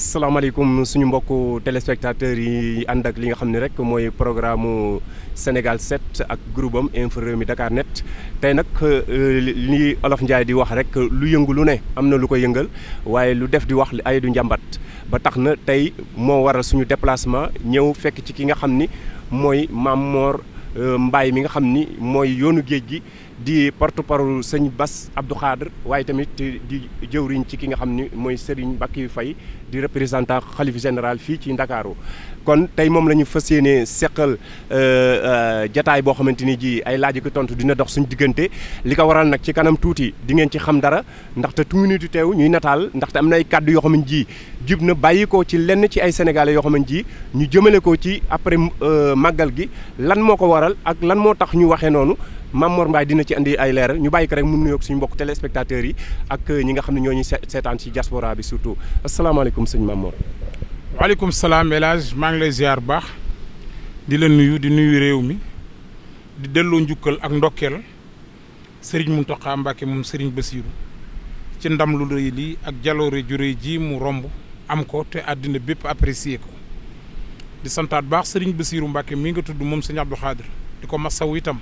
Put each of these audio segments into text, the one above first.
asalaamaaleykum suñu mbokku téléspectateurs yi ànd ak li nga xam ni rek mooy programme Sénégal set ak groupe am info Rewmi Dakar Net tey nag euh, li Olof Ndiaye di wax rek lu yëngu lu ne am na lu ko yëngal waaye lu def di wax ay du njàmbat ba tax na tey moo waral suñu déplacement ñëw fekk ci ki nga xam ni mooy Mame Mor euh, mbaay mi nga xam ni mooy yoonu géej gi. di porte-parole sëñ bas Abdou Khadre waaye tamit di jëwriñ ci ki nga xam ni mooy Serigne yu Faye di représentant xalif général fii ci Ndakaaru kon tey moom la ñu fas yéene seqal euh, euh, jataay boo xamante ni ji ay laaj ko tontu dina dox suñ diggante li ko waral nag ci kanam tuuti di ngeen ci xam dara ndaxte tuuti du teew ñuy nataal ndaxte am na ay kàddu yoo xam ne ji jub na bàyyi ko ci lenn ci ay sénégalais yoo xam ne ji ñu jëmale ko ci après euh, màggal gi lan moo ko waral ak lan moo tax ñu waxee noonu. Mamor Mbaye dina ci indi ay leeral ñu bàyyi ko rek mu nuyoog suñu mbokk téléspectateurs yi ak euh, ñi nga xam ne ñoo ñu seetaan ci diaspora bi surtout asalaamaaleykum sëñ Mamor. waaleykum salaam El Hadj maa ngi lay ziar baax di la nuyu di nuyu réew mi di delloo njukkal ak ndokkeel Serigne Mountakha Mbacké moom Serigne Bassirou ci ndam lu rëy lii ak jaloore ju rëy ji mu romb am ko te àddina bépp apprécier ko di santaat baax Serigne Bassirou Mbacké mi nga tudd moom sëñ Abdou di ko masawu itam.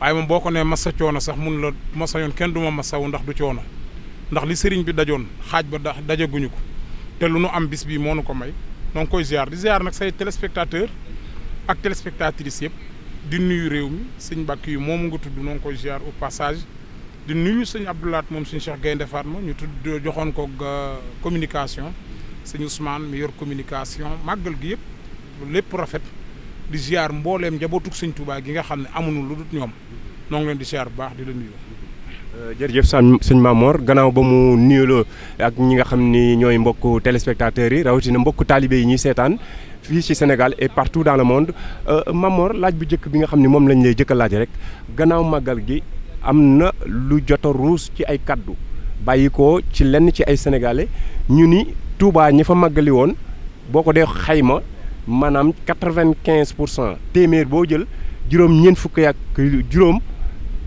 waaye moom boo ko nee massa coono sax mun la massa yoon kenn du ma massawu ndax du coono ndax li sëriñ bi dajoon xaaj ba da dajaguñu ko te lu nu am bis bii moo nu ko may noo ngi koy ziar nag say téléspectateur ak téléspectatrices yëpp di nuyu réew mi sëñ Mbàkke yu moomu nga tudd noo ngi koy ziar au passage di nuyu sëñ Abdoulaat moom sëñ Cheikh Gaynde ma ñu tudd joxoon ko euh, communication sëñ Ousmane mi yor communication màggal gi yëpp lépp rafet di ziar mbooleem njabootug sëñ Touba gi nga xam ne amuñu lu dul ñoom noo ngi leen di bu baax di la nuyu. Euh, jërëjëf sëñ Mamor gannaaw ba mu nuyaloo ak ñi nga xam ni ñooy mbokk téléspectateurs yi rawatina mbokk taalibe yi ñuy seetaan fii ci Sénégal et partout dans le monde euh, Mamor laaj bu njëkk bi nga xam ni moom lañ lay jëkk a laaj rek gannaaw màggal gi am na lu jot a ruus ci ay kaddu bàyyi ko ci lenn ci ay sénégalais ñu ni tuubaa ñi fa màggali woon boo ko dee xayma. maanaam quatre-vingt-quinze pour cent téeméer boo jël juróom ñeent fukk ak juróom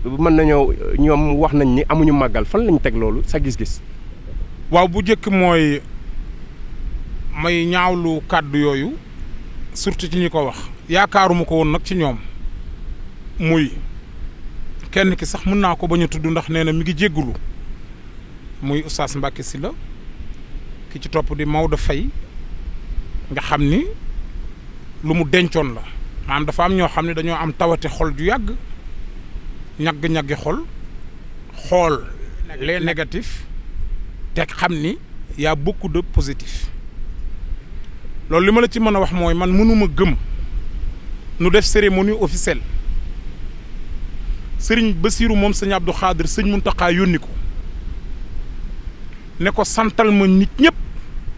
mën nañoo ñoom wax nañ ni amuñu màggal fan lañ teg loolu sa gis-gis. waaw bu njëkk mooy may ñaawlu kàddu yooyu surtout ci ñi ko wax yaakaaruma ko woon nag ci ñoom muy kenn ki sax mun naa ko bañu tudd ndax nee na mi ngi jéggulu muy oustaz si la ki ci topp di Maodo Faye nga xam ni. lu mu dencoon la maanaam dafa am ñoo xam ne dañoo am tawati xol ju yàgg ñagg-ñaggi xol xool les négatifs te xam ni y a beaucoup de loolu li ma la ci mën a wax mooy man mënuma gëm nu def cérémonie officielle sëriñ Basiiru moom sëñ Abdou Xaadir sëñ Muntaxaa yónni ko ne ko santal ma nit ñëpp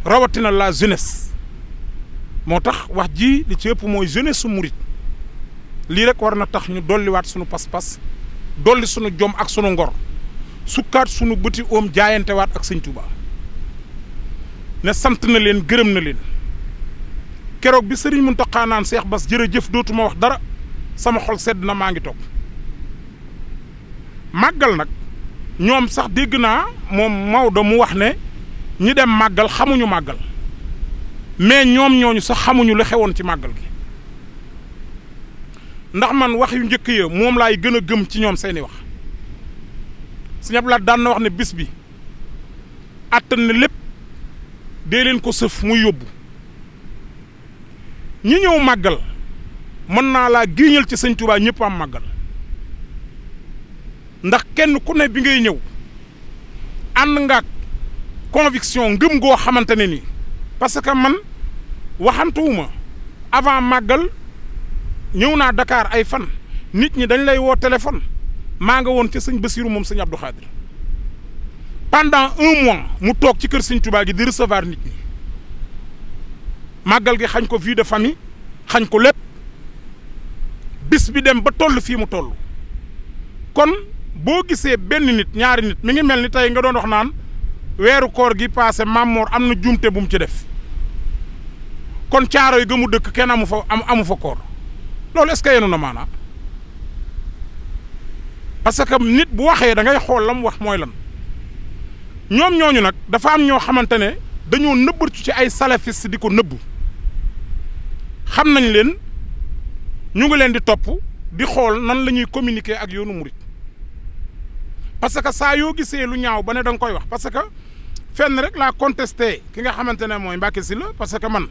rawatina la jeunesse moo tax wax ji li ci ëpp mooy jeunesse su murit lii rek war na tax ñu dolliwaat sunu pas-pas dolli sunu jom ak sunu ngor sukkaat sunu bëti oom jaayante waat ak sëñ Tuubaa ne sant na leen gërëm na leen keroog bi sëriñ Muntaxa naan Seex Bas jërëjëf dootuma wax dara sama xol sedd na maa ngi toog màggal nag ñoom sax dégg naa moom Maodo mu wax ne ñi dem màggal xamuñu màggal mais ñoom ñooñu sax xamuñu la xewoon ci màggal gi ndax man wax yu njëkk ya moom laay gën a gëm ci ñoom seeni wax Sëñ Abdu Lahat daan wax ne bis bi àttan na lépp dee leen ko sëf mu yóbbu ñi ñëw màggal mën naa laa géñal ci sëñ Tuubaa ñëpp am màggal ndax kenn ku ne bi ngay ñëw ànd nga ak conviction ngëm goo xamante ne ni parce que man waxantuwuma avant màggal ñëw naa dakaar ay fan nit ñi dañ lay woo téléphone maa nga woon ci sëñ Basiru moom sëñ Abdou Khadir pendant un mois mu toog ci kër sëñ Touba gi di recevoir nit ñi màggal gi xañ ko vie de famille xañ ko lépp bis bi dem ba toll fii mu toll kon boo gisee benn nit ñaari nit mu ngi mel ni tey nga doon wax naan weeru koor gi passé Mamour am na juumte bu mu ci def kon caaro yi gëmu dëkk kenn amu fa am amu fa koor loolu est-ce que yenu na maanaa parce que nit bu waxee da ngay xool lam wax mooy lan ñoom ñooñu nag dafa am ñoo xamante ne dañoo nëbbatu ci ay salafiste di ko nëbbu xam nañ leen ñu ngi leen di topp di xool nan la ñuy communiquer ak yoonu murit parce que saa yoo gisee lu ñaaw ba ne da nga koy wax parce que fenn rek laa contesté ki nga xamante ne mooy Mbacke Sylla parce que man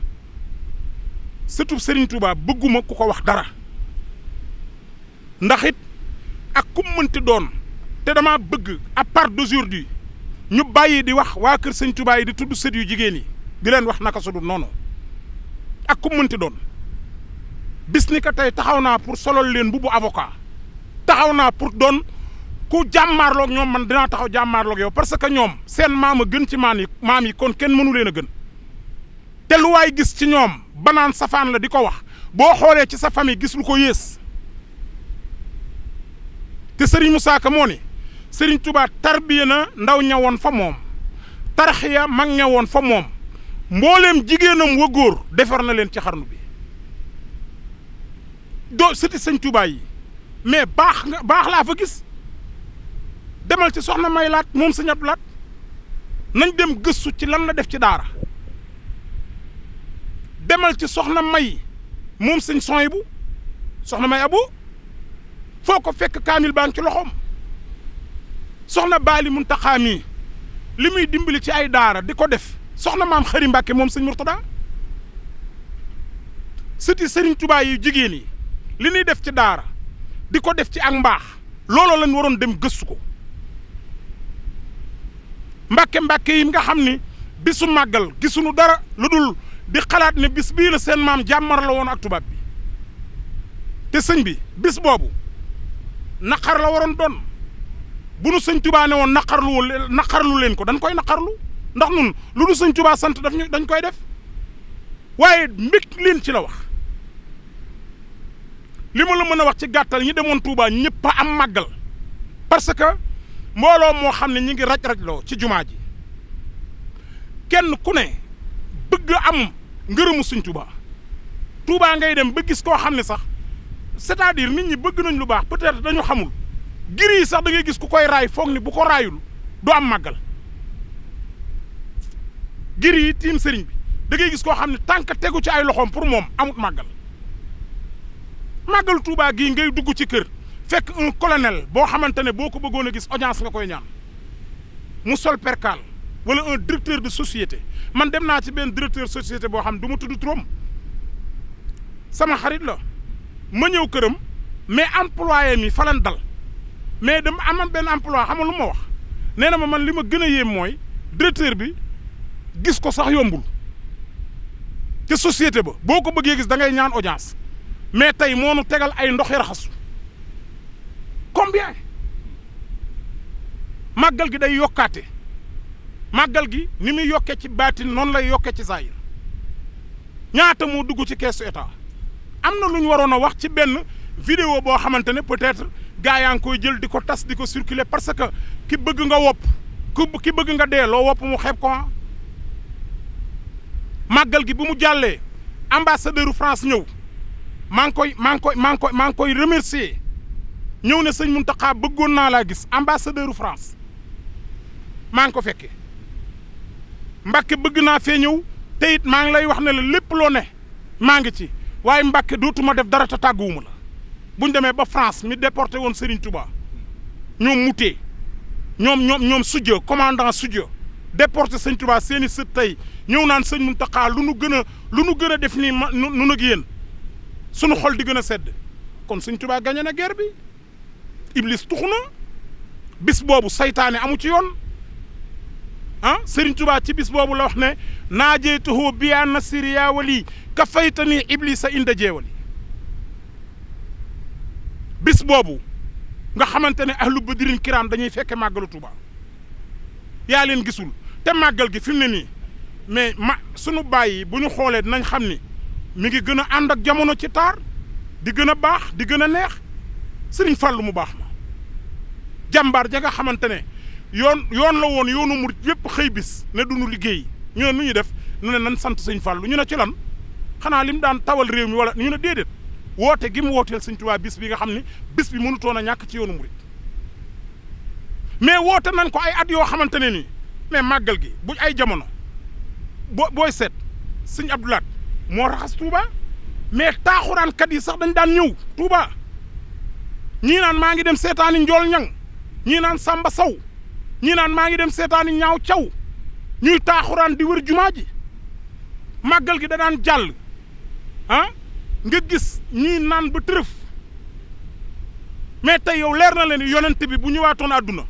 sëtub Serigne Touba bëgguma ku ko wax dara ndax it ak ku mënti doon te dama bëgg à part di ñu bàyyi di wax waa kër Serigne Touba yi di tudd sët yu jigéen yi di wax naka su dul noonu ak ku mënti doon bis ni ko tey taxaw naa pour solol leen bu bu avocat taxaw naa pour doon ku jàmmaarloog ñoom man dinaa taxaw jàmmaarloog yow parce que ñoom seen maam a gën ci maam yi maam kon kenn mënu leen a gën te lu waay gis ci ñoom. banaan safaan la di ko wax boo xoolee ci sa famille gis lu ko yées te sëriñ Moussa moo ne sëriñ Touba tarbiya na ndaw ña fa moom tarxiya mag ña fa moom mbooleem jigéenam wa góor defar na leen ci xarnu bi doo sëti sëñ Touba yi mais baax nga baax laa fa gis demal ci soxna may laat moom sëñ Abdu Laat nañ dem gëstu ci lan la def ci daara demal ci soxna May moom sëñ sony bu soxna May abu foo ko fekk kaamil baa ngi ci loxoom soxna Baali Muntaxa mi li muy dimbali ci ay daara di ko def soxna maam xëri Mbàkke moom sëñ Murtada sëti sëriñ tubaay yu jigéen yi li ñuy def ci daara di ko def ci ak mbaax looloo lañ waroon dem gëstu ko mbàkke mbàkke yi nga xam ni bisu màggal gisuñu dara lu dul di xalaat ne bis seen maam jàmmar la woon ak tubaab bi te sëñ bi bis boobu naqar la waroon doon bu nu sëñ tubaa ne woon naqarlu leen ko dañ koy naqarlu ndax nun lu nu sëñ tubaa sant daf ñu dañ koy def waaye mbég leen ci la wax li ma la mën a wax ci gàttal ñi demoon Touba ñëpp a am màggal parce que mbooloo moo xam ne ñi ngi raj-rajloo ci jumaa ji kenn ku ne bëgg am ngërëmu suñ Touba Touba ngay dem ba gis koo xam ne sax c'est-à-dire nit ñi bëgg nañ lu baax peut dañu xamul giri yi sax da ngay gis ku koy raay foog ni bu ko raayul du am màggal giri yi tiim sëriñ bi da ngay gis koo xam ne tànk tegu ci ay loxoom pour moom amut màggal màggal Touba gii ngay dugg ci kër fekk un colonel boo xamante ne boo ko bëggoon a gis audience nga koy ñaan mu sol perkaal wala un directeur de société man dem naa ci benn directeur société boo xam du ma tudd turam sama xarit la ma ñëw këram mais employé mi falan dal mais dama amoon benn emploi xam lu ma wax nee na ma man li ma gën a yéem mooy directeur bi gis ko sax yombul te société ba boo ko bëggee gis da ngay ñaan audience mais tey moo nu tegal ay ndox yi raxasu combien màggal gi day yokkaate màggal gi ni muy yokkee ci baatin noonu lay yokkee ci saayir ñaata moo dugg ci keesu état am na lu ñu waroon a wax ci benn vidéo boo xamante ne peut-être gaa yaa ngi koy jël di ko tas di ko circuler parce que ki bëgg nga wopp ki bëgg nga dee loo wopp mu xeeb ko ah. màggal gi bu mu jàllee ambassadeur France ñëw maa ngi koy maa ngi koy maa koy maa ngi koy remercier ñëw ne sëñ Mountakha bëggoon naa laa gis ambassadeur France maa ngi ko fekkee. Mbàkke bëgg naa fee ñëw te it maa ngi lay wax ne la lépp loo ne maa ngi ci waaye Mbàkke dootuma def dara ca tàgguwuma la buñ demee ba France mi déporté woon Serigne Touba ñoom mutee ñoom ñoom ñoom sujja commandant sujja déporté sëñ Touba seen i sët tey ñëw naan sëñ Mountakha lu nu gën a lu nu gën a def nii ma nu nag yéen suñu xol di gën a sedd kon sëñ Touba gañe na guerre bi Iblis tuxu na bis boobu seytaane amu ci yoon ah Serigne Touba ci bis boobu la wax ne naajee naajeytuhu biyaa nasiri yaa wali ka faytani iblisa inda jeewali bis boobu nga xamante ne ahlu badirin kiram dañuy fekke màggalu Touba yaa leen gisul te màggal gi fim ne nii mais ma sunu bàyyi bu ñu xoolee dinañ xam ni mu ngi gën a ànd ak jamono ci taar di gën a baax di gën a neex Serigne Fallou mu baax ma jàmbaar ja nga xamante ne yoon yoon la woon yoonu murit yépp xëy bis ne dundu liggéey ñu ne nu ñu def ñu ne nan sant sëñ Fallou ñu ne ci lan xanaa lim daan tawal réew mi wala ñu ne déedéet woote gi mu wooteel sëñ Tuubaa bis bi nga xam ni bis bi mënutoon a ñàkk ci yoonu murit mais woote nañ ko ay at yoo xamante ne nii mais màggal gi bu ay jamono bo booy seet sëñ Abdoulaat moo raxas Touba mais taaxuraankat yi sax dañ daan ñëw Touba ñii naan maa ngi dem seetaani njool ñang ñii naan Samba Sow ñii naan maa ngi dem seetaani ñaaw caw ñuy taaxuraan di wër jumaa ji màggal gi da daan jàll ah nga gis ñii naan ba tërëf mais tey yow leer na leen yonent bi bu ñëwaatoon àdduna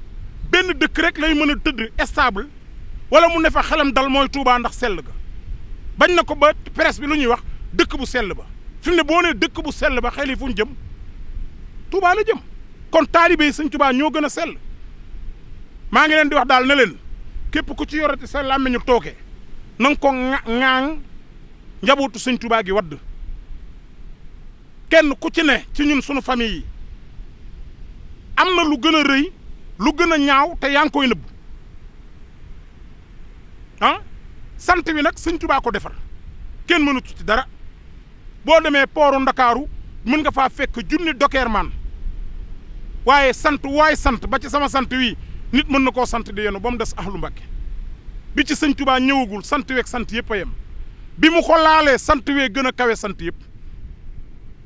benn dëkk rek lay mën a tëdd stable wala mu ne fa xelam dal mooy Touba ndax sell ga bañ na ko ba presse bi lu ñuy wax dëkk bu sell ba fi mu ne boo nee dëkk bu sell ba xel yi fu ñu jëm Touba la jëm kon taalibe yi sëñ ñoo gën a sell maa ngi leen di wax daal na leen képp ku ci yorati sa làmmiñu tooke na nga ko ŋaaŋ njabootu sëñ Tuubaa gi wadd kenn ku ci ne ci ñun sunu famille yi am na lu gën a rëy lu gën a ñaaw te yaa ngi koy nëbb ah sant wi nag sëñ Tuubaa ko defar kenn mënut ci dara boo demee pooru Ndakaaru mën nga faa fekk junni dokeer maan waaye sant waay sant ba ci sama sant wi nit mën na koo sant di yenu ba mu des ahlu Mbàkke bi ci sëñ Tubaa ñëwagul sant weeg sant yëpp a bi mu ko laalee sant wee gën a kawe sant yëpp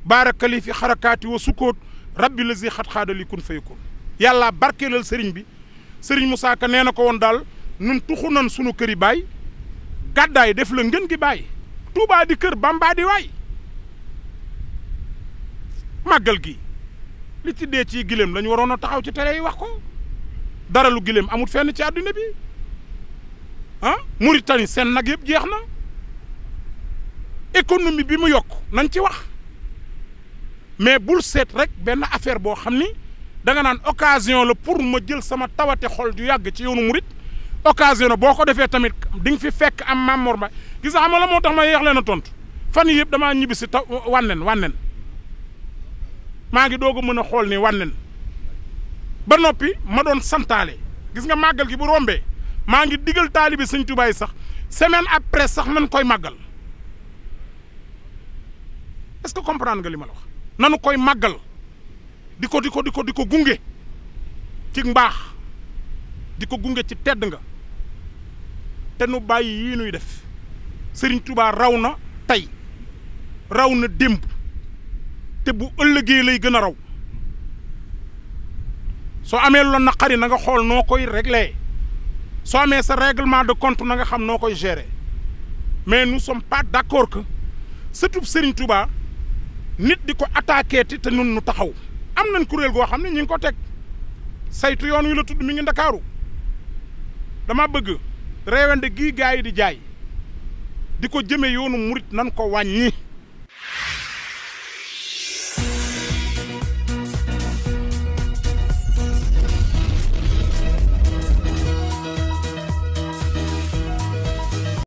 baarakali fi xarakaati wa sukkoot rabbi lazi xat xaadali kun fayakun yàlla barkeelal sëriñ bi sëriñ Moussa Ka nee na ko woon daal nun tuxu nan sunu këri baay gàddaay def la ngën gi baay Tuubaa di kër Bàmbaa di waay màggal gi li ci dee ci giléem lañu waroon a taxaw ci télé yi wax ko dara lu giléem amut fenn ci àdduna bi ah Mauritanie seen nag yëpp jeex na économie bi mu yokk nañ ci wax mais bul seet rek benn affaire boo xam ni da naan occasion la pour ma jël sama tawate xol du yàgg ci yoonu murit occasion la boo ko defee tamit di fi fekk am Mamor Mbaye gis nga xam la moo tax ma yeex leen a tontu fan yii yëpp damaa ñibbi si taw wànnen wànnen maa ngi doog a mën a xool ni wànnen ba noppi ma doon santaale gis nga màggal gi bu rombee maa ngi digal taalibi sëñ Tuubaa yi sax semaine après sax nañ koy màggal est-ce que comprendre nga li ma la wax nanu koy màggal di ko di ko di ko di ko gunge ci mbaax di ko gunge ci tedd nga te nu bàyyi yii nuy def sëriñ tubaa raw na tey raw na démb te bu ëllëgee lay gën a raw soo amee lu la naqari na xool noo koy régler soo amee sa règlement de compte na nga xam noo koy gérer mais nous sommes pas d'accord que surtout Serigne Touba nit di ko attaqué ti te nun nu taxaw am nañ kuréel goo xam ne ñu ngi ko teg saytu yoon wi la tudd mi ngi ndakaaru dama bëgg reewande gii gaa yi di jaay di ko jëme yoonu murit nan ko wàññi